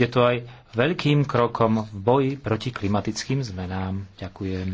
Bude to aj veľkým krokom v boji proti klimatickým zmenám. Ďakujem.